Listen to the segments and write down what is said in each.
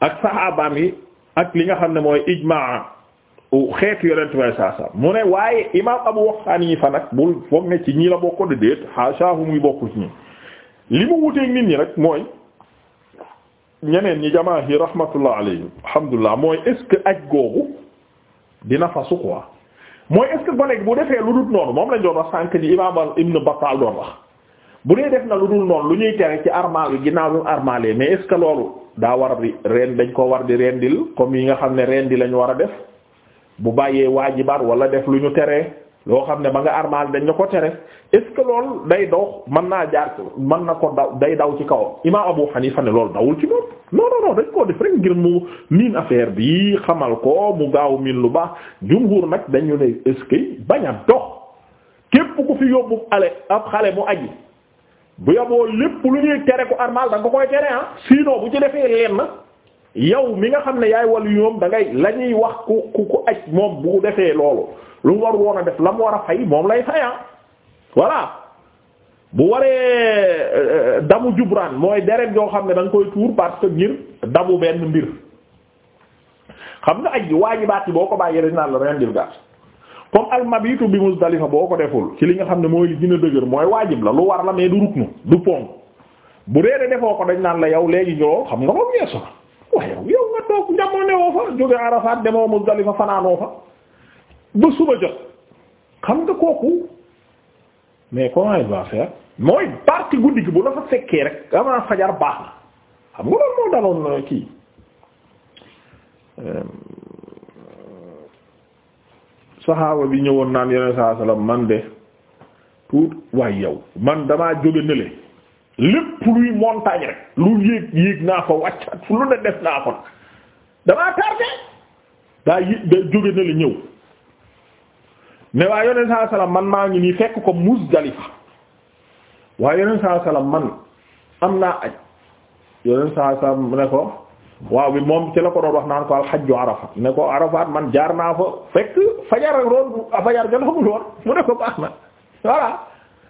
ak saxaabaam yi ak li nga xam ne mooy ijmaa xeet yonent way saa saa mu ne waaye imaam Abu Hanifa yi fa nag bul foog ne ci ñii la bokko de déet xaasaahu muy bokkul ci ñi li mu wuteeg nit ñi rek mooy ñeneen ñi jamaah yi rahmatullah alayhim alhamdulilah mooy est-ce aj googu dina fasu quoi mooy est-ce bu defee lu dul noonu moom lañ doon wax sànq ni imaam Ibn Battal doon wax bu dee def na lu dul noonu lu ñuy tere ci armal yi ginnaaw lu armalee mais loolu daa war bi reen dañ koo war di rendil comme yi nga xam ne rendi lañu war a def bu bàyyee waajibaat wala def lu ñu teree loo xam ne ba nga armal dañ la ko tere est-ce day dox mën naa jaar mën na ko daw day daw ci kawam imaam Abu Hanifa ne loolu dawul ci moom non non non dañ koo def rek ngir mu miin affaire bi xamal ko mu gaaw miin lu baax jumhur nag dañu ne est-ce bañ a dox képp ku fi yóbbu ale ab xale mu aji bu yaboo lépp lu ñuy tere ku armal da nga koy tere ah sinon bu ci defee na yow mi nga xam ne yaay wàllu yoom da ngay la wax ku ku ku aj moom bu defee loolu lu mu war woon a def la mu war a fay moom lay fay ah voilà bu waree euh, damu jubraan mooy deret yoo xam ne da nga koy tuur parce que ngir damu benn mbir xam nga aj baat yi boo ko bàyyi naan la rendil gàtt comme almabitu bi Muzdalifa boo ko deful ci li nga xam ne mooy li gën a dëgër mooy waajib la lu war la mais du ruknu du ponk bu dee defoo ko dañ naan la yaw léegi ñoo xam na waaye yow nga toog jamono woo suba jot xam nga kooku mais comment il mooy parti guddi gi bu la fa fekkee rek avant fajar baax na xam nga loolu moo daloon euh, kii. Euh, saxaaba bi ñëwoon naan yeneen saa salaam man de tuut waaye yow man damaa jóge ne lépp luy montagne rek lu yéeg yéeg naa fa wàcc fu lu ne def naa ko damaa tardé daa yé da jóge ne ñëw ne waa yeneen saa salaam man maa ngi nii fekk ko Muzdalifa waa yeneen saa salaam man am naa aj yeneen saa salaam ne ko. waaw bi moom ci la ko doon wax naan ko alxajju arafat ne ko arafat man jaar naa fa fekk fajar ak ah fajar jot xamul mu ko baax na voilà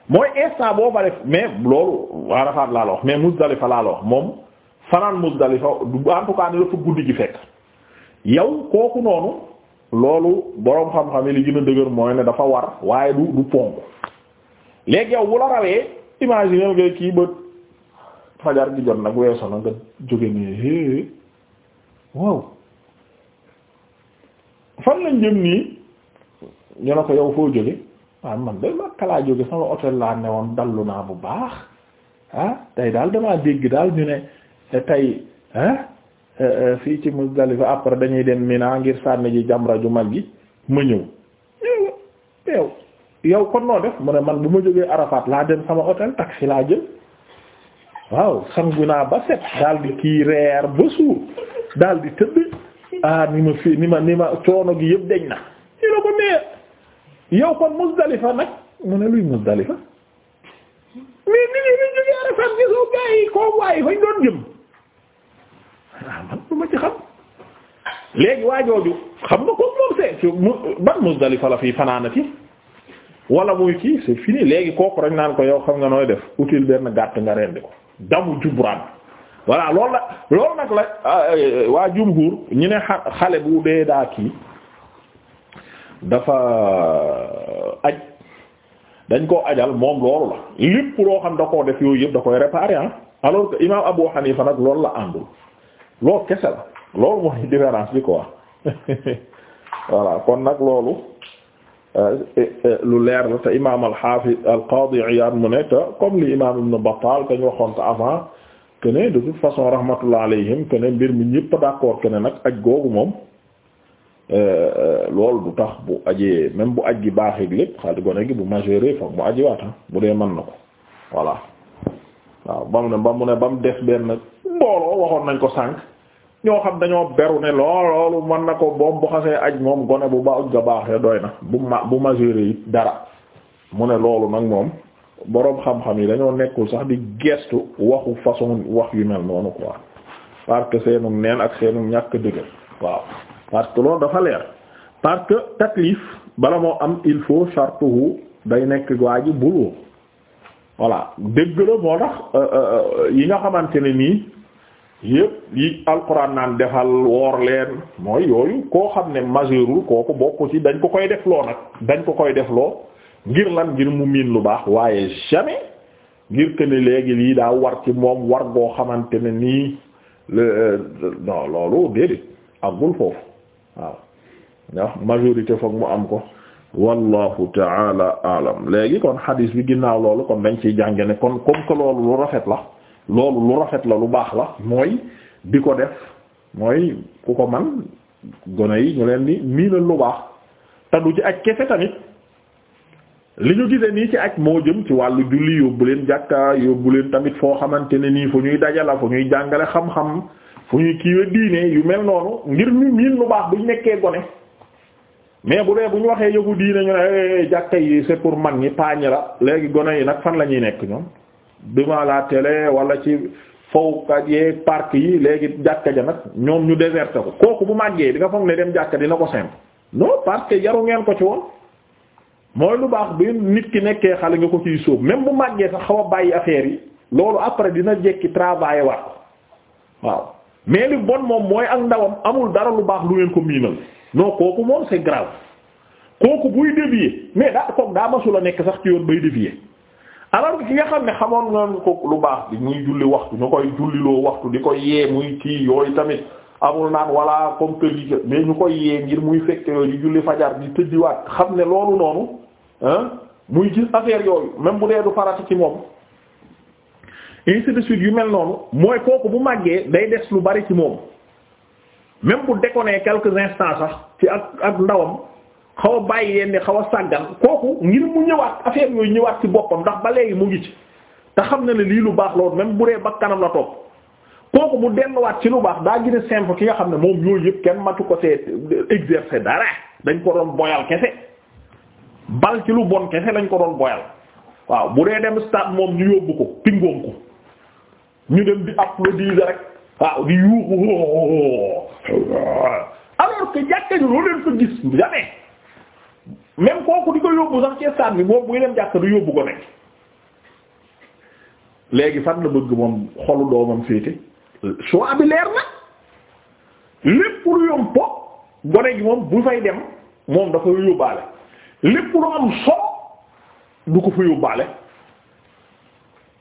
mooy instant boo fa def mais loolu arafat mais Muzdalifa laa la moom fanaan Muzdalifa du en tout cas ni la fa guddi kooku noonu loolu boroom xam-xam yi li gën a dëgër mooy ne dafa war waaye du du ponk léegi yow bu la rawee imaginer ngay kii ba fajar gi jot nag weesoo na nga jóge nii waaw fan lañ jëm nii ñu ne ko yow foo jóge waaw ah, man de Makka laa jóge sama hôtel laa ne dallu naa bu baax ah, tey daal damaa dégg daal ñu ne eh, tey ah, eh, eh, fii ci Muzdalifa après dañuy dem Mina ngir sànni ji ju mag gi ma ñëw yow yow kon noo def mu ne man bu ma jógee Arafat laa dem sama hôtel taxi laa jël waaw sangu naa ba set daal di kii reer ba suur daal di tëdd ah ni ma fi ni ma ni ma coono gi yëpp deñ na ñu ne ko mais yow kon Muzdalifa nag mu ne luy Muzdalifa mais nit ñi ñu jógee Arafat gisoo gaa yi waaye fañ doon jëm ah man lu ma ci xam léegi waa jooju xam nga ko moom c'est mu ban Muzdalifa la fii fanaanati wala muy kii c'est fini léegi kooku rek naan ko yow xam nga nooy def utile benn gàtt nga rendi ko damu jubraan voilà loolu la loolu nag la ah, eh, eh, waa jumhur ñu ne xale bu dee daa kii dafa euh, aj dañ koo ajal moom loolu la lépp loo xam da koo def yooyu yëpp da koy réparer ah alors que Abu Hanifa nag loolu la àndul loolu kese la loolu mooy différence bi quoi voilà kon nag loolu euh, eh, lu leer la te imam al-Hafiz al-Qadi Iyad mu ne te comme li imam Ibn Battal te ñu waxoon te avant que ne de toute façon rahmatullah alayhim que mbir mi ñëpp a d'accord que ne nag aj googu moom euh, loolu du tax bu ajee même bu aj gi baaxeeg lépp xaalis gone gi bu majeure foog mu aji waata ah, bu dee mën na ko voilà waaw ba mu ne ba mu ne ba mu des benn mbooloo waxoon nañ ko sànq ñoo xam dañoo beru ne loolu man na ko boom bu xasee aj moom gone bu ba aj ga baaxee doy na bu ma bu majeure it dara mu ne loolu nag moom boroom xam-xam yi dañoo nekkul sax di gestu waxu façon wax yu mel noonu quoi parce que seenu neen ak seenu ñàkk dëgër waaw parce que lool dafa leer parce que taklif bala moo am il faut shartuhu day nekk waa ji buloo voilà dëgg la moo tax euh, euh, euh, yi nga xamante ne nii yëpp yi alquran naan defal woor leen mooy yooyu koo xam ne majeurul kooku bokku yi dañ ko koy def loo nag dañ ko koy def loo ngir lan ngir mu miin lu baax waaye jamais ngir que léegi lii daa war ci moom war goo xamante ne nii euh, non loolu déedéet agul foofu waaw ndax majorité foog mu am ko wallahu taala alam léegi kon xadiis bi ginnaaw loolu kon dañ ciy jànge ne kon comme que loolu lu rafet la loolu lu rafet la lu baax la mooy di ko def mooy ku ko man gone yi ñu leen di miinal lu baax te du ci ak kese tamit li ñu gisee nii ci aj moo jëm ci wàllu julli yóbbu leen jàkka yóbbu leen tamit foo xamante ne nii fu ñuy dajala fu ñuy jàngale xam-xam fu ñuy kiiwe diine yu mel noonu ngir ñu miin lu baax bu ñu nekkee gone mais bu dee bu ñu waxee yóbbu diine ñu ne eh, jàkka yi c'est pour mag ñi paañ la léegi gone yi nag fan la ñuy nekk ñoom duma la télé wala ci fowkat yee park yi léegi jàkka ja nag ñoom ñu déserté ko kooku bu màggee di nga foog ne dem jàkka dina ko simple non parce que ngeen ko ci woon mooy lu baax bi nit ki nekkee xale nga ko ciy sóob même bu màggee sax xaw a bàyyi affaire yi loolu après dina jekki travailler wax waaw mais bon moom mooy ak ndawam amul dara lu baax lu ngeen ko miinal non kooku moom c'est grave kooku buy dévier mais daa koog daa masul a nekk sax ci yoon bay dévier alors ki nga xam ne xamoon nga ko lu baax bi muy julli waxtu ñu koy julliloo waxtu di ko yee muy kii yooyu tamit amul naan wala comme que mais ñu koy yee ngir muy fekk yooyu julli fajar di tëddiwaat xam ne loolu noonu ah muy gis affaire yooyu même bu dee du farata ci moom ainsi suite yu mel noonu mooy kooku bu màggee day des lu bari ci moom même bu déconné quelque instants sax ci ak ak ndawam xaw a bàyyi leen ne xaw a sàggan kooku ngir mu ñëwaat affaire yooyu ñëwaat ci boppam ndax ba léegi mu ngi ci te xam na ne lii lu baax loolu même bu dee kanam la topp kooku mu delluwaat ci lu baax daa gën a simple ki nga xam ne moom yooyu yëpp kenn matu ko see exercer dara dañ ko doon boyal kese bal ci lu bon kese lañ ko doon boyal waaw bu dee dem stade moom ñu yóbbu ko pingoom ko ñu dem di applaudir rek waaw di yuuxu alors que jàkka ji loolu leen fa gis jamais même kooku di ko yóbbu sax ci stade bi moom buy dem jàkka du yóbbu ko nekk léegi fan la bëgg moom xolu doomam féete choix bi leer na lépp lu yom po gone gi moom bu fay dem moom dafa yóbbaale lépp lu am solo du ko fa yóbbaale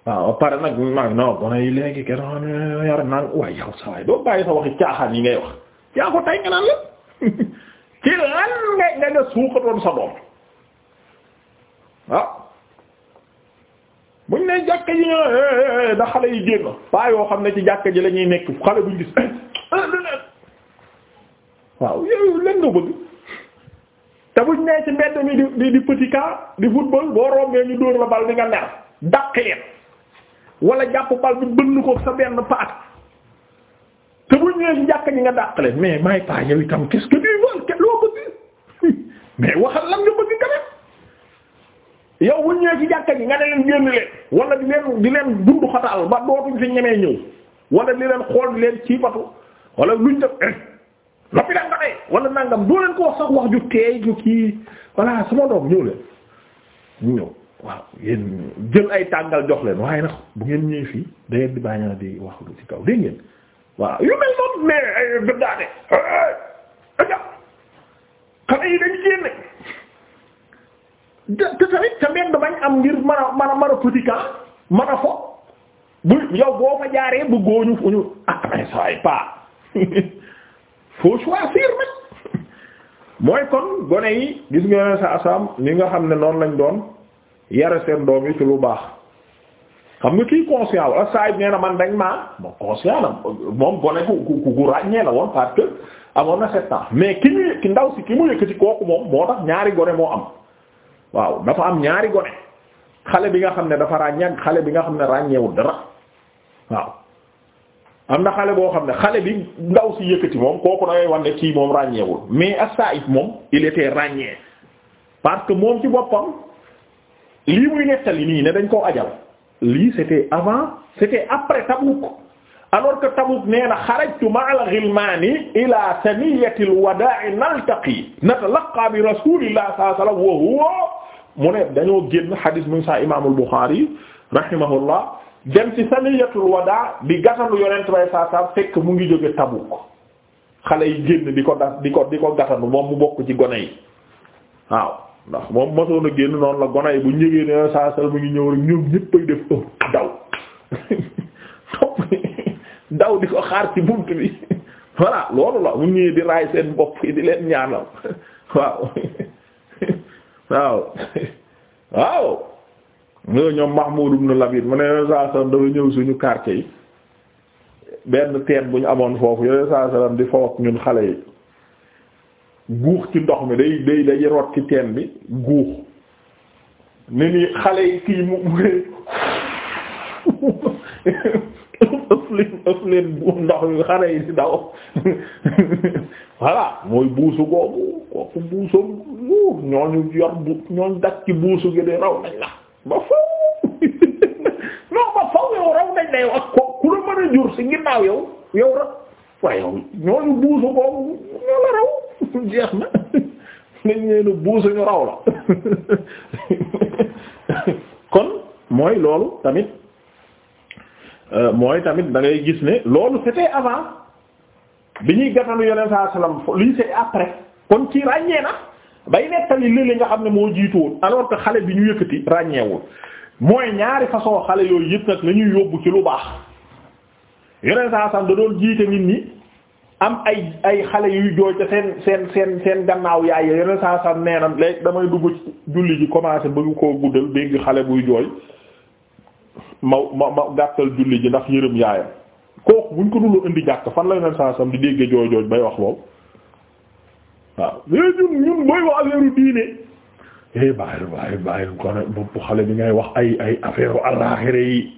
waaw pare nag nag non gone yi léegi kenn yar naan waaye yow sa doo bàyyi sa waxi caaxaan yi ngay wax yaa ko tay nga naan la ci lan nga nga nga sa doom waaw ne jàkka ji ñoo eh, da xale yi génn paa yoo xam ne ci jàkka ji la ñuy nekk xale bu gis eh, eh, waaw yooyu len nga bëgg te buñ nee ci mbedd mi di di petit cas di football boo rombee ñu dóor la bal di nga ner dàq leen wala jàpp bal bi bënn ko sa benn paat te buñ nee ci jàkka ji nga dàq leen mais paa yow itam qu'est-ce que tu loo bëgg mais waxal lan nga bëgg kanam yow buñ ñëwee ci jàkka ji nga ne leen génn leen wala di leen di leen dundu xataal ba dootuñ fi ñemee ñëw wala di leen xool di leen ciibatu wala luñ def eh, noppi daan nga dee wala nangam doo leen ko wax sax wax ju teey ju kii voilà sama doom ñëw leen ñëw waaw yéen jël ay tàngal jox leen waaye nag bu ngeen ñëw fii da ngeen di baña wax lu ci kaw dégg ngeen waaw yu mel noonu mais gëddaane eh, eh, xale yi dañ génne te tamit te mbedd bañ am ngir man a man a man fo bu yow boo fa jaaree bu góoñu fu ñu ah mais ça y pas faut choisir mooy kon gone yi gis nga ne sa ni nga xam ne noonu lañ doon yare seen doom yi ci lu baax xam nga kii conscient wala saa yi nee na man dañ maa moom conscient gone ku ku ku ràññee la woon parce que amoon na sept ans mais ki ñu ki ndaw si ki mu yëkkati kooku moom moo tax ñaari gone moo am. waaw dafa am ñaari gone xale bi nga xam ne dafa ràññee ak xale bi nga xam ne ràññeewul dara waaw am na xale boo xam ne xale bi ndaw si yëkkati moom kooku da ngay wan moom ràññeewul mais as-Sa'id moom il était ràññee parce que moom ci boppam lii muy nettali nii ne dañ koo ajal lii c'était avant c'était après Tabuk alors que Tabuk nee na xarajtu ma'al ghilmaani ila saniyatil wadaa'i naltaqi natalaqqa bi rasuulillah sallallahu alayhi wa sallam mu ne dañoo génn xadis mu saa imaamul Buxaari rahimahullah dem ci saniyatul wadaa di gàttandu yonent bay saa saa fekk mu ngi jóge Tabuk xale yi génn di ko das di ko di ko gàttandu moom mu bokk ci gone yi waaw ndax moom mosoon a génn noonu la gone yi bu ñu jógee ne saa saa mu ngi ñëw rek ñoom ñëppay def oh, daw. daw di ko xaar ci bunt bi voilà loolu la mu ñëwee di raay seen bopp yi di leen ñaanal waaw waaw waaw ñoo ñoom Mahmoud ibn Labid mu ne yoneen saa sallam dafa ñëw suñu quartier yi benn teen bu ñu amoon foofu yoneen saa di fo ñun xale yi guux ci ndox mi day day day rot ci teen bi guux ni ni xale yi kii mu ëf leen ëf leen bu ndox yi di daw voilà mooy buusu googu kooku buusoom ñooñu yor bu ñooñ dak ci buusu gi de raw nañ la ba faw non ba faw yow raw nañ la yow ak ku la mën a jur ci ginnaaw yow yow rek waaye ñooñu buusu googu ñoo raw jeex na nañ leen buusu ñu raw la kon mooy loolu tamit Euh, mooy tamit da ngay gis ne loolu c'était avant bi ñuy gàttanu yeneen saa salaam lii c'est après kon ci ràññee na bay nettali li li nga xam ne moo jiitu woon alors que xale bi ñu yëkkati ràññeewul mooy ñaari façon xale yooyu yëpp nag la ñuy yóbbu ci lu baax yeneen saa salaam da doon jiite nit ñi am ay ay xale yuy jooy ca seen seen seen seen gannaaw yaay yeneen saa salaam nee na léegi damay dugg julli ji commencé bëgg koo guddal dégg xale buy jooy. ma ma ma gàttal julli ji ndax yërëm yaayam kooku buñ ko dul indi jàkk fan la ñu saa sam di déggee jooy jooj bay wax lool waaw eh, ko ne bu bi ngay wax ay affaire u àllaxira yi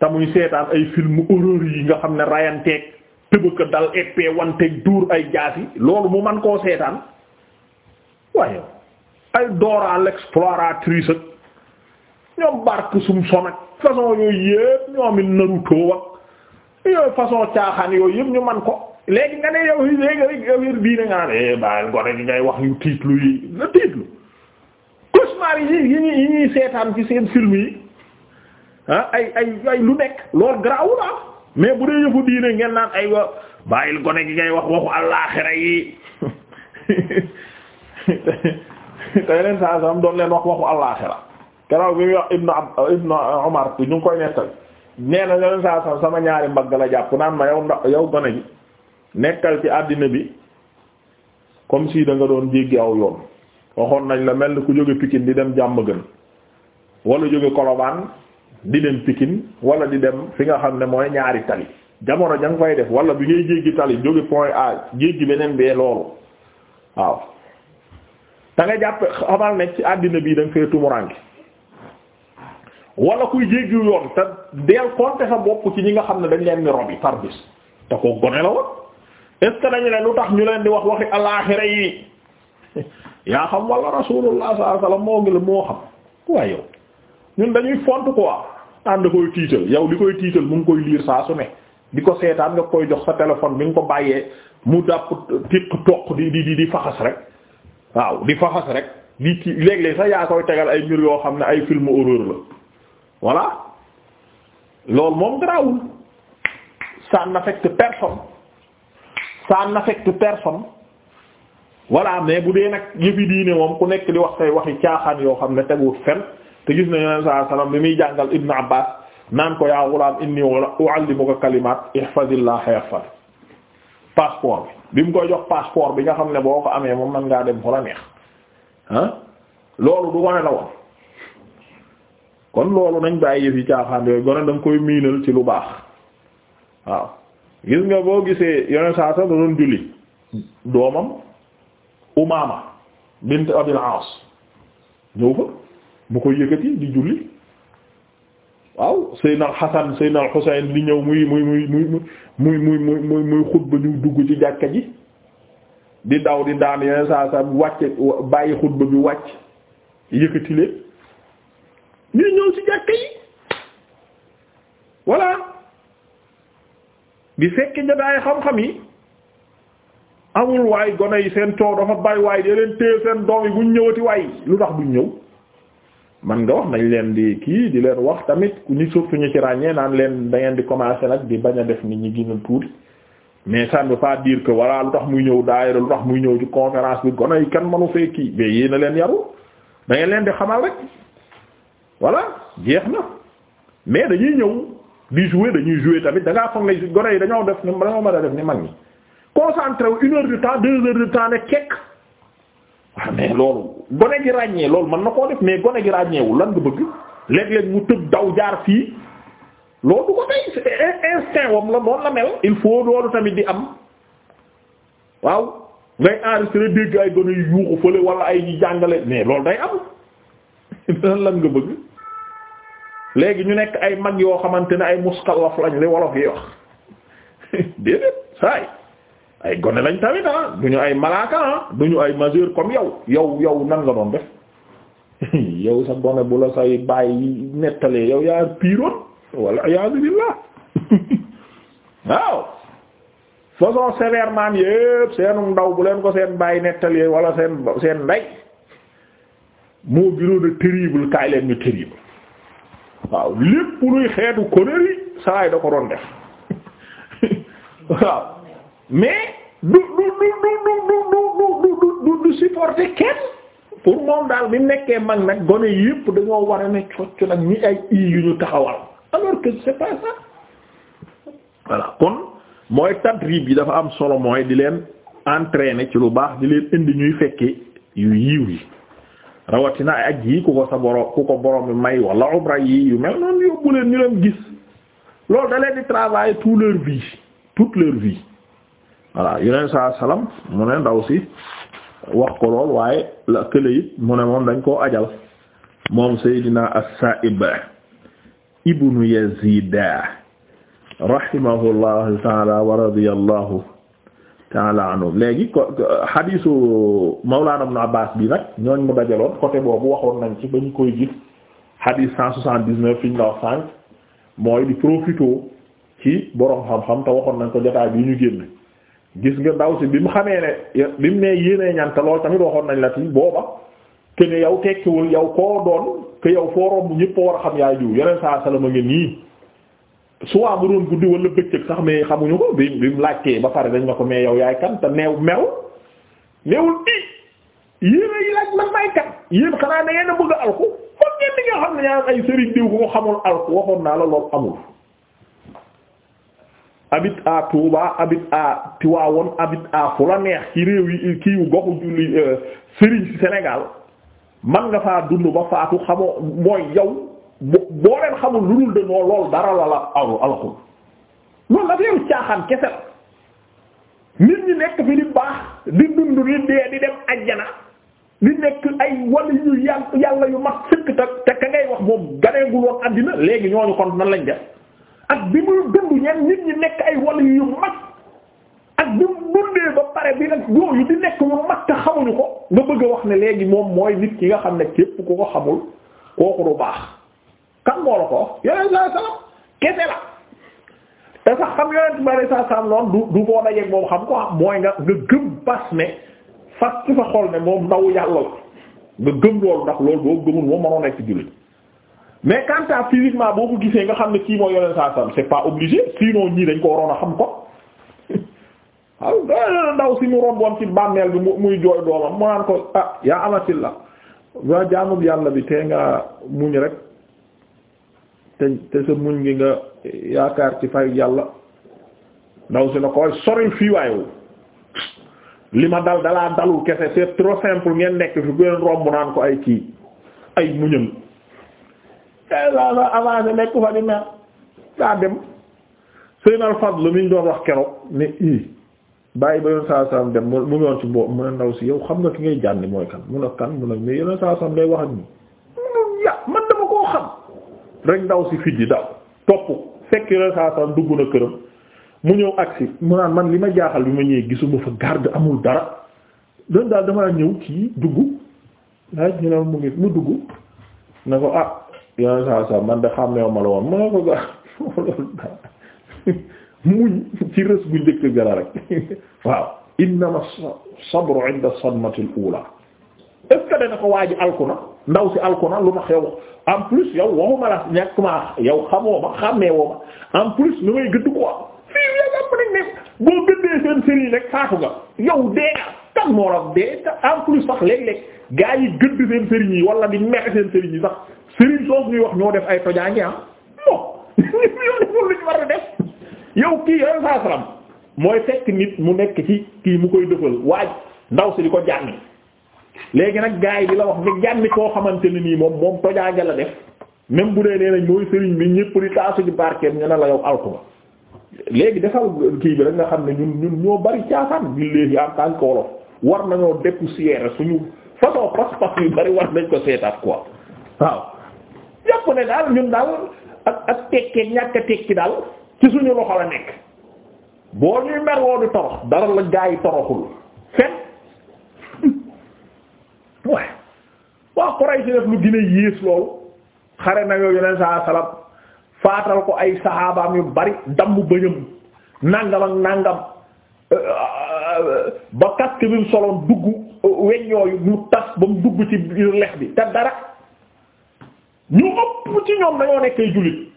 te muy ay film horreur xam ne rayanteeg tëbëka dal épée wanteeg duur ay jaasi loolu mu man koo seetaan waaye ay Dora l'exploratrice ak ñoom barke sum sonag façon yooyu yëpp ñoom it Naruto yooyu façon caaxaan yooyu yëpp ñu man ko léegi nga ne yow léegi yow yër diine nga naan eh, wax yu tiitlu yi na tiitlu cauchemar yi seetaan ci seen film ah, ay lu nekk lool garaawul ah. mais bu dee yëfu diine ngeen naan ay wa bàyyil gone gi ngay wax waxu àllaaxira yi tey leen saa sam doon leen wax waxu àllaaxira karaw bi wax ibnu ab ibnu Umar ñu ngi koy nettal nee na leen sama ñaari mbagg la jàpp naan ma yow ndax yow gone gi nekkal ci àddina bi comme si danga doon jéggi aw yoon waxoon nañ la mel ni ku jóge Pikine di dem jàmm gën wala jóge kolobaan di dem pikin wala di dem fi nga xam ne mooy ñaari tali jamono ja nga def wala bi ngay jéggi tali jóge point A jéggi beneen bee loolu waaw da nga jàpp xamal ne ci àddina bii da nga fee tumuranke wala kuy jéggi yoon te deel compter sa bopp ci ñi nga xam ne dañ leen ni robi par bis te ko gone la woon est ce que leen lu tax ñu leen di wax waxi alaaxira yi yaa xam wala rasulullah sallallahu alayhi wasallam moo ngi la moo xam waaye yow ñun dañuy font quoi ànd koy tiital yow li koy tiital mu ngi koy liir saa su ne di ko seetaan nga koy jox sa téléphone bi nga ko bàyyee mu dàpp tiq toq di di di faxas rek waaw di faxas rek di ci léeg-léeg sax yaa koy tegal ay mbir yoo xam ne ay film horreur la. voilà loolu moom garaawul ça sa personne ça n'affecte personne voilà mais bu dee nag yëfi diine moom ku nekk di wax say waxi caaxaan yoo xam ne teguut fen te gis na yonent sallallahu alayhi bi muy jàngal Ibn Abbas naan ko yaa ghulam inni u'allimuka kalimaat ihfazillah yahfaz passeport bi bi mu koy jox passeport bi nga xam ne boo ko amee moom man ngaa dem fa la neex loolu du wane la woon kon loolu nañ bàyyi yëf yi caaxaan yooyu gone da koy miinal ci lu baax waaw gis nga boo gisee yeneen saa sax da doon julli doomam Umaama bint Abil Aas ñëw fa mu ko yëkkati di julli waaw Seydina Xasan Seydina Xuseyn di ñëw muy muy muy muy muy muy muy muy xutba ñu dugg ci jàkka ji di daw di daan yeneen saa sax wàcce bàyyi xutba bi wàcc yëkkati ñuy ñëw ci jàkka yi voilà bi fekk jotaay xam-xam yi amul waay gone yi seen coow dafa bari waay dee leen téye seen doom yi buñ ñëwati waay lu tax duñ ñëw man nga wax nañ leen di kii di leen wax tamit ku ñu surtout ñu ci ràññee naan leen da di commencer nag di bañ a def nit ñi gën a tuuti mais ça ne veut pas dire que voilà lu tax muy ñëw daayira lu tax muy ñëw ci conférence bi gone yi kenn mënu fee kii mais yéen a leen yaru da ngeen leen di xamal voilà jeex na mais dañuy ñëw di jouer dañuy jouer tamit da ngaa foog ne gone yi dañoo def ni dañoo mën a def ni mag ñi concentré wu une heure de temps deux heures ne kekk waaw mais loolu gone gi ràññee loolu mën na koo def mais gone gi ràññeewu lan nga bëgg léeg-léeg mu tëb daw jaar fii loolu du ko tey instinct wam la noonu la mel il faut loolu tamit di am waaw ngay enregistré dégg ay gone yu yuuxu fële wala ay ñi jàngale mais loolu day am naan lan nga bëgg léegi ñu nekk ay mag yoo xamante ne ay muskalaf lañu li wolof yi wax déedéet saay ay gone lañ tamit ah du ñu ay malaaka ah du ñu ay majeur comme yow yow yow nan nga doon def yow sa gone bu la say bàyyi nettalee yow yaa piiroon walla iyaazu billaah waaw façon sévèrement yépp seenu ndaw bu leen ko seen bàyyi nettalee wala seen seen ndey moo gënoon a terrible kaay leen ñu terrible waaw lépp luy xeetu connerie saa yi da ko doon def waaw mais du du du du du du du du du du supporter kenn pour moom daal bi nekkee mag nag gone yépp dañoo war a ne cocc nag ñi ay i yu ñu taxawal alors que c'est pas ça kon mooy tadrib yi dafa am solo mooy di leen entraîner ci lu baax di leen indi ñuy fekke yu yiw yi rawatina ay aj yi ku ko sa borom ku ko borom bi may wala umra yi yu mel noonu yóbbu leen ñu leen gis loolu da leen di travailler toute leur vie toute leur vie voilà yeneen salaam mu ne ndaw si lool waaye la kële mu ne moom dañ koo ajal moom Seydina As-Sa'ib ibnu Yazid rahimahullahu ta'ala wa radiyallahu ta'ala anhum léegi ko xadiisu Mawlana naa Abbas bi nag ñooñ mu dajaloon côté boobu waxoon nañ ci ba koy gis xadiis cent soixante-dix-neuf fi ñu la wax sànq mooy di profité ci borom xam-xam te waxoon nañ ko jotaay bi ñu génn gis nga ndaw si bi mu xamee ne bi mu nee yéenee ñan te tamit waxoon nañ la ci booba que ne yow tekkiwul yow koo doon que yow foo romb ñëpp war a xam yaay jiw yeneen saa ma ngeen nii. suwaa bu doon guddi wala bëccëg sax mais xamuñu ko bi bi mu laajtee ba pare dañ nga ko mais yow yaay kan te neew meew neewul i yéena yi laaj man maay kan yéen xanaa da ngeen bëgg a alku ngeen di nga xam ne ñaan sëriñ diw ko ko xamul alku waxoon naa la loolu amul habite à Touba habite à Tivaouane habite à fu la neex ci réew yi kii goxu julli euh, sëriñ ci Sénégal man nga faa dund ba faatu xamoo mooy yow boo leen xamul lu dul de noo lool dara la la aw alxul loolu la feeru caaxaan kese la nit ñi nekk fi di baax di dund di dee di dem ajjana di nekk ay wàllu yu yàlla yu mag sëkk te ka ngay wax moom ganeegul woon àddina léegi ñooñu kon nan lañ de ak bi muy dund ñen nit ñi nekk ay wàllu yu mag ak bi mu dundee ba pare bi nag yooyu di nekk yu mag te xamuñu ko nga bëgg a wax ne léegi moom mooy nit ki nga xam ne képp ku ko xamul kooku du baax kan moo la ko wax yonent saa salaam kese la te sax xam yonent bari saa salaam noonu du du boo dajeek moom xam ko mooy nga nga gëm bas ne fas ci sa xol ne moom ndaw yàlla la nga gëm loolu ndax loolu boo gëmul moom mënoo nekk jullit mais quant physiquement boo ko gisee nga xam ne kii mooy yonent saa salaam c'est pas obligé sinon ñii dañ ko waroon xam ko waaw da ndaw si mu romboon ci bàmmeel bi muy jooy doomam mu naan ko ah yaa amatil la waa jaamub yàlla bi tee nga muñ te te sa muñ gi nga yaakaar ci fay yàlla ndaw si na koy soril fii waayu li ma dal dalaa dalul kese c'est trop simple ngeen nekk fi beneen romb naan ko ay kii ay muñal eh, la la avancé nekk fa di mer daa dem sëy nal fadlu mi ñu doon wax keroog ne i bàyyi ba yoon saa sam dem mu ngi woon ci boobu mu ne ndaw si yow xam nga ki ngay jànni mooy kan mu a kan mu ne mais yoon saa sam day wax ak ñi rek ndaw si fii ji daw topp fekk yoneen saa sallam dugg na këram mu ñëw agsi mu naan man li ma jaaxal bi ma ñëwee gisuma fa garde amul dara doon daal damaa ñëw kii dugg laaj ñu ne mu mu dugg ne ko ah man de xàmmeew ma la woon mu ne ko ah, ci rës bu njëkk gara rek waaw innama sabru inda sadmatil ula est-ce ndaw si alkona lu ma xew en plus yow waxuma la ñàkk maa yow xamoo ma xàmmee woo ma en plus lu may gëdd ko wax fii yow jàpp nañ ne sax léeg-léeg yi gëdd wala di mexe seen sëriñ ñoo def ay tojaange ah lu ñu war a def yow kii yow saa salaam mooy fekk nit mu nekk ci kii mu koy dëfal waaj ndaw si di ko jànni léegi nag gars yi di la wax nga jànni koo xamante ne nii moom moom tojaage la def même bu dee nee nañ mooy sëriñ bi ñëpp di taasu ci barkeem ñu ne la yow alku nga léegi defal kii bi rek nga xam ne ñun ñun ñoo bari caasaan bi léegi en tant que wolof war nañoo dépoussiérer suñu façon pas-pas yu bari war nañ ko seetaat quoi waaw jàpp ne daal ñun daal ak ak tekkee ñàkk a tekki daal ci suñu loxo la nekk boo ñuy mer woo torox dara la gaa yi toroxul fet waaye waa Quraysh def lu gën a yées loolu xare nañoo yeneen saa salab faatal ko ay saxaabaam yu bari damm bëñam nàngam ak nàngam euh, euh, euh, ba casque bi mu soloon dugg weññooyu mu tas ba dugg ci lex bi te dara ñu ëpp ci ñoom dañoo nekk ay jullit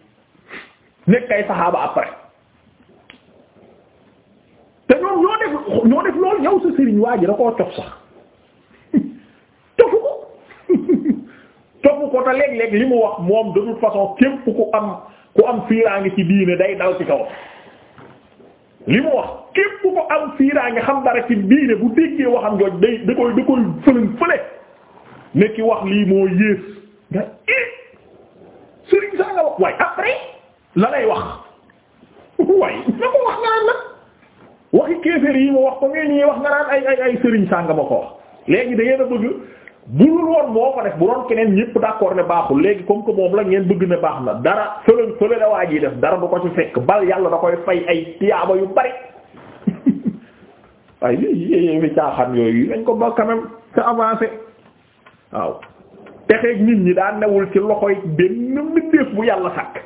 nekk ay saxaaba après te ñoom ñoo def ñoo def loolu yow sa sëriñ waa ji da koo cof sax topp ko te léeg-léeg li mu wax moom de toute façon képp ku am ku am fiiraange ci diine day dal ci kaw li mu wax képp ku ko am fiiraange xam dara ci diine bu déggee waxam jooj day da koy da koy fëlan fële ne ki wax lii moo yées nga it eh, sëriñ saa nga wax waaye après la lay wax waaye na ko wax nga naan nag waxi kéeféer yi mu wax ko ngeen ñi wax nga naan ay ay sëriñ saa nga ma ko wax léegi da ngeen bëgg bu dul woon moo ko def bu doon keneen ñëpp d'accord ne baaxul léegi comme que moom la ngeen bëgg ne baax na dara fële fële la waa ji def dara du ko ci fekk bal yàlla da koy fay ay tiyaaba yu bari waaye yéen fi caaxaan yooyu dañ ko ba quand même avancé waaw texeeg nit ñi daa newul ci loxoy benn mbindeef bu yàlla sàkk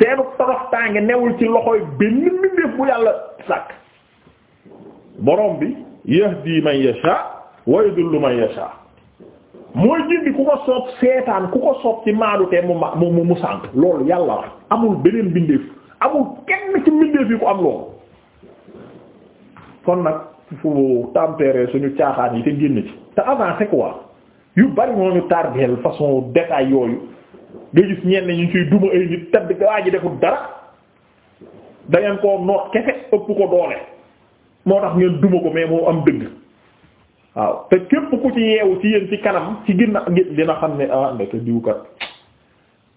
seenu torox tànge newul ci loxoy benn mbindeef bu yàlla sàkk borom bi yahdi man yasha wa yudillu man yasha mooy jindi ku ko soob seetaan ku ko soob ci maadu te mu ma mu mu sànq loolu yàlla la amul beneen mbindeef amul kenn ci mbindeef yi ko am loolu kon nag fu tempérer suñu caaxaan yi te génn ci te avancé quoi yu bari moo ñu tardeel façon détail yooyu nga gis ñenn ñu ciy duma ay nit tedd waa ji deful dara da koo noot kese ëpp ko doole moo tax ngeen duma ko mais moo am dëgg waaw te képp ku ci yeewu ci yéen ci kanam ci ginna dina xam ne ah ndeke diwkat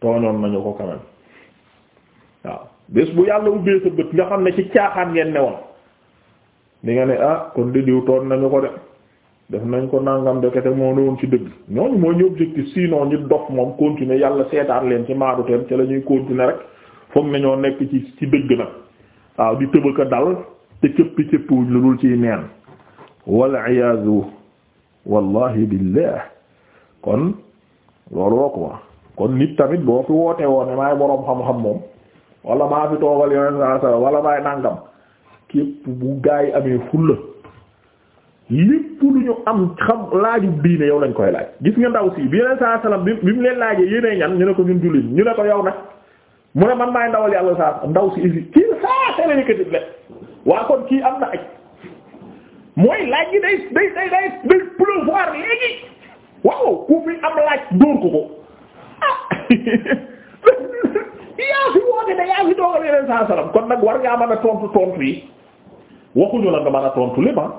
tooñoon nañu ko kanam waaw bés bu yàlla ubbee sa bët nga xam ne ci caaxaan ngeen ne woon di nga ne ah kon de diw tooñ nañu ko de def nañ ko nangam ndekete moo ne woon ci dëgg ñooñu mooy ñu objectif sinon ñu dof moom continuer yàlla seetaan leen ci maadu teen ci la ñuy continuer rek foog nañoo nekk ci ci dëgg nag waaw di tëbëk a dal te cëppi cëppiwuñ lu dul ciy neen wal iyaadu wallahi billah kon loolu la quoi kon nit tamit boo fi woote woo ne maay boroom xam-xam moom wala maa fi toogal yeneen saa képp bu gaa yi amee fulla lépp lu ñu am xam laaju diine yow lañ koy laaj gis nga ndaw si bi yeneen saa bi mu leen laajee yéenee ñan ñu ne ko ñun jullit ñu ne ko yow nag mu ne man maay ndawal yàlla saa ndaw si isi kii saa sele yëkkati le waa kon kii am na aj mooy laaj yi day day day day day pleuvoir léegi waaw ku fi am laaj dóor ko ko ah yaa fi woote da yaa fi doogal yeneen saa salaam kon nag war ngaa mën a tontu tontu yi waxuñu la nga a tontu lépp ah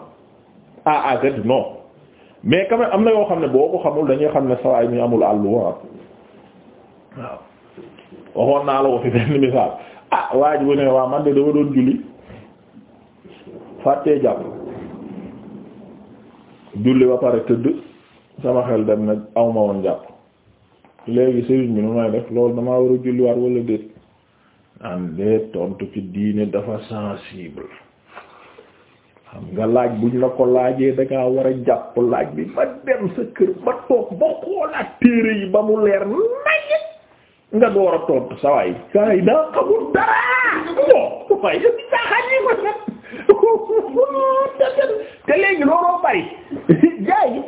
ah c'est non mais quand am na yoo xam ne boo ko xamul dañuy xam ne sawaay mi amul àll waaw waxoon naa la ko fi misaal ah waa ji bu ne waa man dama doon julli fàttee jàpp. julli ba pare tëdd sama xel dem nag aw woon jàpp léegi sëriñ bi nu may def loolu damaa war a julliwaat wala déet naan déet tontu ci diine dafa sensible nga laaj buñ la ko laajee dangaa war a jàpp laaj bi ba dem sa kër ba toog ba xoolaat téere yi ba mu leer nañ nga door a tontu sa waay saa daa xamul dara te léegi loolu bari jaay yi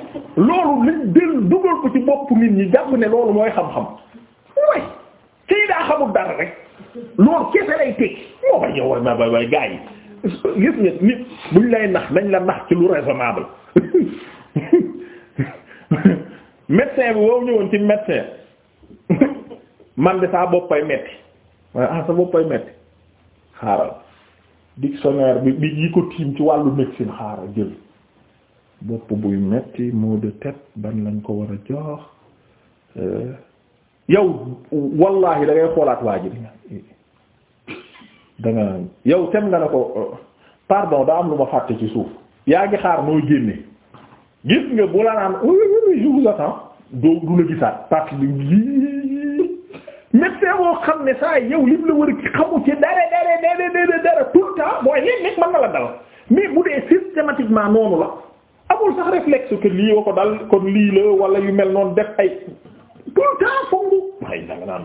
loolu liñ del dugal ko ci bopp nit ñi jàpp ne loolu mooy xam-xam way kii daa xamul dara rek loolu kese lay teg moo koy yow yi gis nga nit buñ lay nax nañ la nax ci lu raisonnable médecin bi wow ñëwoon ci médecin man de saa boppay metti ah sa boppay metti xaaral dictionnaire bi bi yi ko tiim ci wàllu médecine xaaral jël bopp buy metti maux de tête ban lañ ko war a jox eh, yow wallahi da xoolaat waa ji da nga yow tem nga ne ko pardon daa am lu ma fàtte ci suuf yaa ngi xaar nooy génne gis nga bu la naan doo du gisaat parce que médecin boo xam ne saa yow lim la war a xamu ci dara dara dara dara tout temps mooy léeg-léeg mën na la dal mais bu dee systématiquement noonu la. amul sax réflexe que lii wa ko dal kon lii la wala yu mel noonu def ay tout ay danga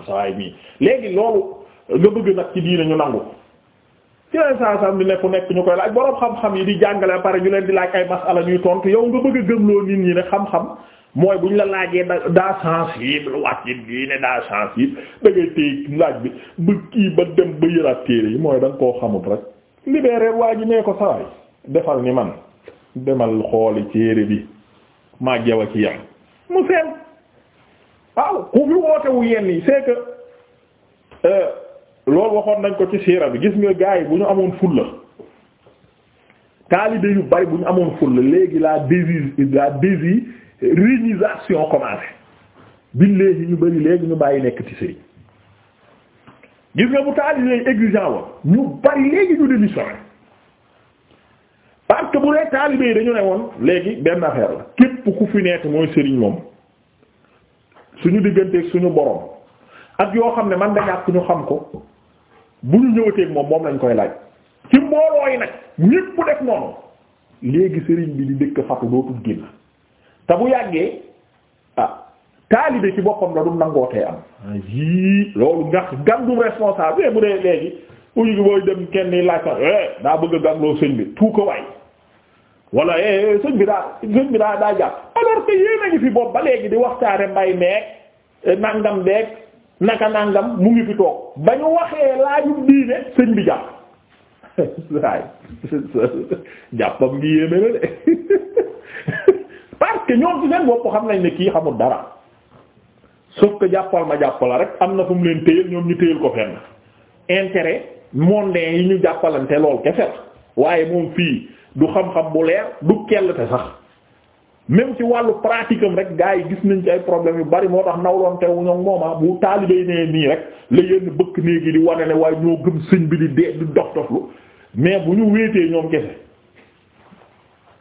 léegi loolu nga nag ci diine ñu nangu ci leen saa saa di nekku nekk ñu koy laaj boroom xam yi di jàngale pare ñu leen di laaj ay masala ñuy tontu yow nga bëgg a ne xam mooy bu ñu la laajee da daa sensible wax ci diine laaj bi ba kii ba yi mooy da koo xamut rek libéré waa ji nee ko sawaay defal ni man demal xooli téere bi maag ci yam mu seen waaw ku fi woote wu yenn yi c'est que euh, loolu waxoon nañ ko ci siira bi gis nga gars yi bu ñu amoon fulla taalibe yu bari bu ñu amoon fulla léegi la dési la dési rénisation commencé billaahi ñu bari léegi ñu bàyyi nekk ci gis nga bu taalibe exigeant woon ñu bari léegi ñu démissionné parce bu dee taalibe yi dañu ne woon léegi benn affaire la képp ku fi nekk mooy sëriñ moom suñu digganteeg suñu boroom ak yoo xam ne man dañu ak ñu xam ko bu ñu ñëwateeg moom moom lañ koy laaj ci mbooloo yi nag ñépp def noonu léegi sëriñ bi di dëkk fatu dootul génn te bu yàggee ah taalibe ci boppam la du nangootee am yii loolu ngax gàndum responsable bu dee léegi uyu gi booy dem kenn ni laaj sax eh bëgg a gàngloo sëñ bi tuu ko waay wala eh, eh sëñ bi daa sëñ bi daa daa jàpp alors que yéen a ngi fi boobu ba léegi di waxtaane mbay meeg eh, nangam beeg naka nangam mu ngi fi toog ba ñu waxee laaju diine sëñ bi jàpp jàppam gi yéeme na de parce que ñoom ci seen bopp xam nañ ne kii xamul dara sauf que jàppal ma jàppala rek am na fu mu leen téyel ñoom ñu téyel ko fenn intérêt monde yi ñu jàppalante lool kese la waaye moom fii du xam-xam bu leer du kell te sax même ci wàllu pratique rek gars yi gis nañ ci ay problème yu bari moo tax nawloon te ñoom mooma ah, bu taalibay nee nii rek la yenn bëkk néegi di wane ne waaye ñoo gëm sëñ bi di dee di dox doxlu mais bu ñu wéetee ñoom kese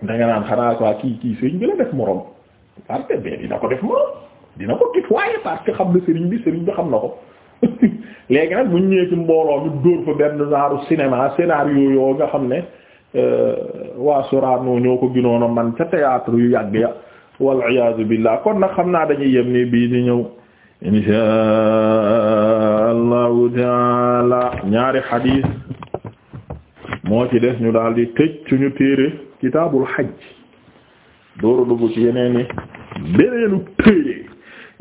da nga naan xanaa quoi kii kii sëñ bi la def morom parce que dina ko def morom dina ko tutoyer parce que xam na sëriñ bi sëriñ bi xam na ko léegi nag mu ñu ñëwee ci mbooloo mi dóor fa benn genre cinéma scénario yoo nga xam ne euh, waa Sorano ñoo ko ginoon a man ca théâtre yu yàgg ya wal iyaazu billah kon nag xam naa dañuy yem ni bii di ñëw insha allahu taala ñaari xadiis moo ci des ñu daal di tëj suñu téere kitaabul xaj dóoru dugg ci yeneen i beneenu téere